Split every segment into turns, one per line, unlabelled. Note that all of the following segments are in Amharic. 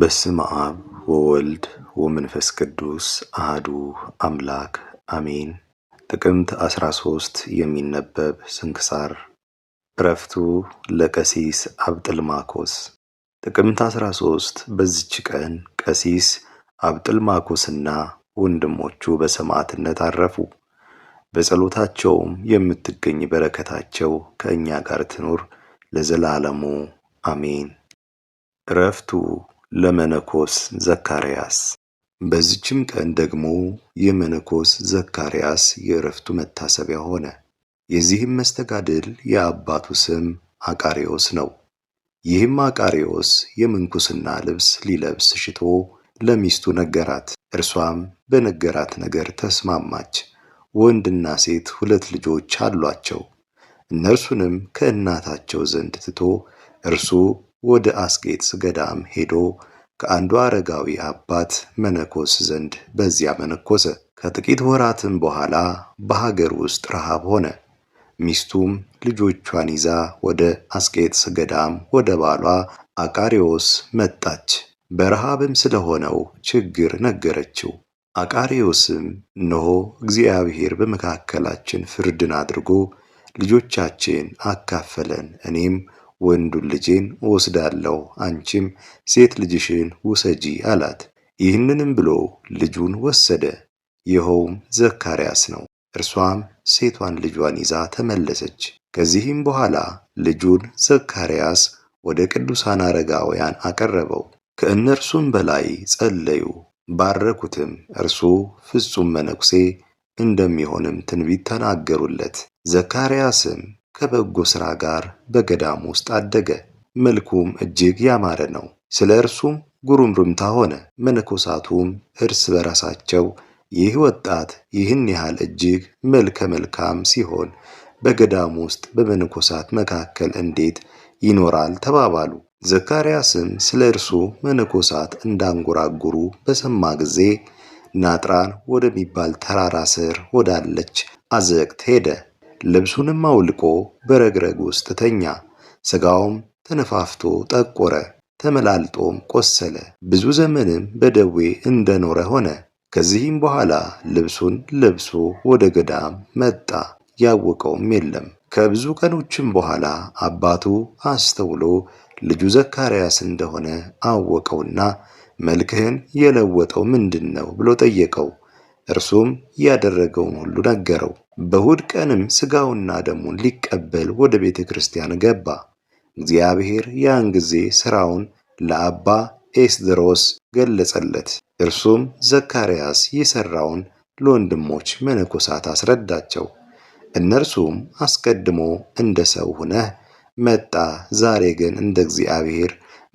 በስም አብ ወወልድ ወመንፈስ ቅዱስ አህዱ አምላክ አሜን። ጥቅምት 13 የሚነበብ ስንክሳር። እረፍቱ ለቀሲስ አብጥልማኮስ። ጥቅምት 13 በዚች ቀን ቀሲስ አብጥልማኮስና ወንድሞቹ በሰማዕትነት አረፉ። በጸሎታቸውም የምትገኝ በረከታቸው ከእኛ ጋር ትኑር ለዘላለሙ አሜን። እረፍቱ ለመነኮስ ዘካርያስ። በዚችም ቀን ደግሞ የመነኮስ ዘካርያስ የእረፍቱ መታሰቢያ ሆነ። የዚህም መስተጋድል የአባቱ ስም አቃሪዎስ ነው። ይህም አቃሪዎስ የምንኩስና ልብስ ሊለብስ ሽቶ ለሚስቱ ነገራት። እርሷም በነገራት ነገር ተስማማች። ወንድና ሴት ሁለት ልጆች አሏቸው። እነርሱንም ከእናታቸው ዘንድ ትቶ እርሱ ወደ አስቄጥስ ገዳም ሄዶ ከአንዱ አረጋዊ አባት መነኮስ ዘንድ በዚያ መነኮሰ። ከጥቂት ወራትም በኋላ በሀገር ውስጥ ረሃብ ሆነ። ሚስቱም ልጆቿን ይዛ ወደ አስቄጥስ ገዳም ወደ ባሏ አቃሪዎስ መጣች። በረሃብም ስለሆነው ችግር ነገረችው። አቃሪዎስም እነሆ እግዚአብሔር በመካከላችን ፍርድን አድርጎ ልጆቻችን አካፈለን፣ እኔም ወንዱን ልጄን ወስዳለሁ፣ አንቺም ሴት ልጅሽን ውሰጂ አላት። ይህንንም ብሎ ልጁን ወሰደ። ይኸውም ዘካርያስ ነው። እርሷም ሴቷን ልጇን ይዛ ተመለሰች። ከዚህም በኋላ ልጁን ዘካርያስ ወደ ቅዱሳን አረጋውያን አቀረበው። ከእነርሱም በላይ ጸለዩ፣ ባረኩትም። እርሱ ፍጹም መነኩሴ እንደሚሆንም ትንቢት ተናገሩለት። ዘካርያስም ከበጎ ሥራ ጋር በገዳም ውስጥ አደገ። መልኩም እጅግ ያማረ ነው። ስለ እርሱም ጉሩምርምታ ሆነ። መነኮሳቱም እርስ በራሳቸው ይህ ወጣት ይህን ያህል እጅግ መልከ መልካም ሲሆን በገዳም ውስጥ በመነኮሳት መካከል እንዴት ይኖራል ተባባሉ። ዘካርያስም ስለ እርሱ መነኮሳት እንዳንጎራጉሩ በሰማ ጊዜ ናጥራን ወደሚባል ተራራ ስር ወዳለች አዘቅት ሄደ። ልብሱንም አውልቆ በረግረግ ውስጥ ተኛ። ሥጋውም ተነፋፍቶ ጠቆረ፣ ተመላልጦም ቆሰለ። ብዙ ዘመንም በደዌ እንደኖረ ሆነ። ከዚህም በኋላ ልብሱን ለብሶ ወደ ገዳም መጣ፣ ያወቀውም የለም። ከብዙ ቀኖችም በኋላ አባቱ አስተውሎ ልጁ ዘካርያስ እንደሆነ አወቀውና መልክህን የለወጠው ምንድን ነው ብሎ ጠየቀው። እርሱም ያደረገውን ሁሉ ነገረው። በእሁድ ቀንም ሥጋውና ደሙን ሊቀበል ወደ ቤተ ክርስቲያን ገባ። እግዚአብሔር ያን ጊዜ ሥራውን ለአባ ኤስድሮስ ገለጸለት። እርሱም ዘካርያስ የሠራውን ለወንድሞች መነኮሳት አስረዳቸው። እነርሱም አስቀድሞ እንደ ሰው ሁነህ መጣ፣ ዛሬ ግን እንደ እግዚአብሔር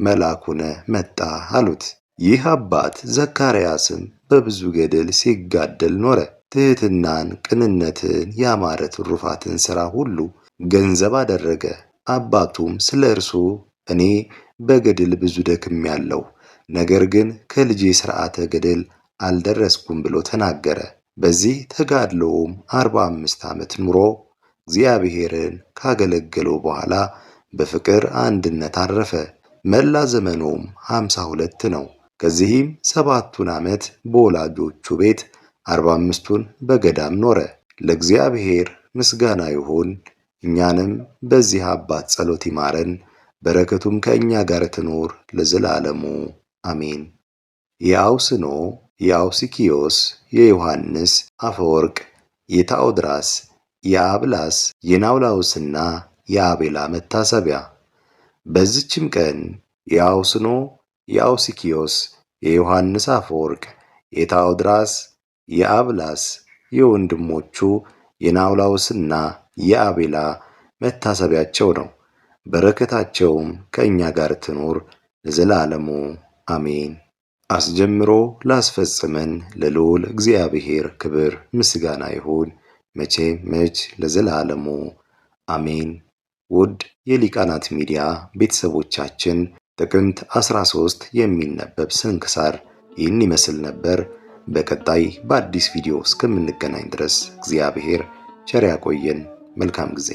መልአክ ሁነህ መጣ አሉት። ይህ አባት ዘካርያስም በብዙ ገድል ሲጋደል ኖረ። ትሕትናን፣ ቅንነትን፣ ያማረ ትሩፋትን ሥራ ሁሉ ገንዘብ አደረገ። አባቱም ስለ እርሱ እኔ በገድል ብዙ ደክም ያለው ነገር ግን ከልጄ ሥርዓተ ገድል አልደረስኩም ብሎ ተናገረ። በዚህ ተጋድሎውም አርባ አምስት ዓመት ኑሮ እግዚአብሔርን ካገለገለው በኋላ በፍቅር አንድነት አረፈ። መላ ዘመኑም ሀምሳ ሁለት ነው። ከዚህም ሰባቱን ዓመት በወላጆቹ ቤት አርባ አምስቱን በገዳም ኖረ። ለእግዚአብሔር ምስጋና ይሁን። እኛንም በዚህ አባት ጸሎት ይማረን፣ በረከቱም ከእኛ ጋር ትኖር ለዘላለሙ አሜን። የአውስኖ የአውሲኪዮስ የዮሐንስ አፈወርቅ የታኦድራስ የአብላስ የናውላውስና የአቤላ መታሰቢያ። በዚችም ቀን የአውስኖ የአውሲኪዮስ የዮሐንስ አፈወርቅ የታኦድራስ የአብላስ የወንድሞቹ የናውላውስና የአቤላ መታሰቢያቸው ነው። በረከታቸውም ከእኛ ጋር ትኑር ለዘላለሙ አሜን። አስጀምሮ ላስፈጽመን ለልዑል እግዚአብሔር ክብር ምስጋና ይሁን መቼ መች ለዘላለሙ አሜን። ውድ የሊቃናት ሚዲያ ቤተሰቦቻችን ጥቅምት 13 የሚነበብ ስንክሳር ይህን ይመስል ነበር። በቀጣይ በአዲስ ቪዲዮ እስከምንገናኝ ድረስ እግዚአብሔር ቸር ያቆየን። መልካም ጊዜ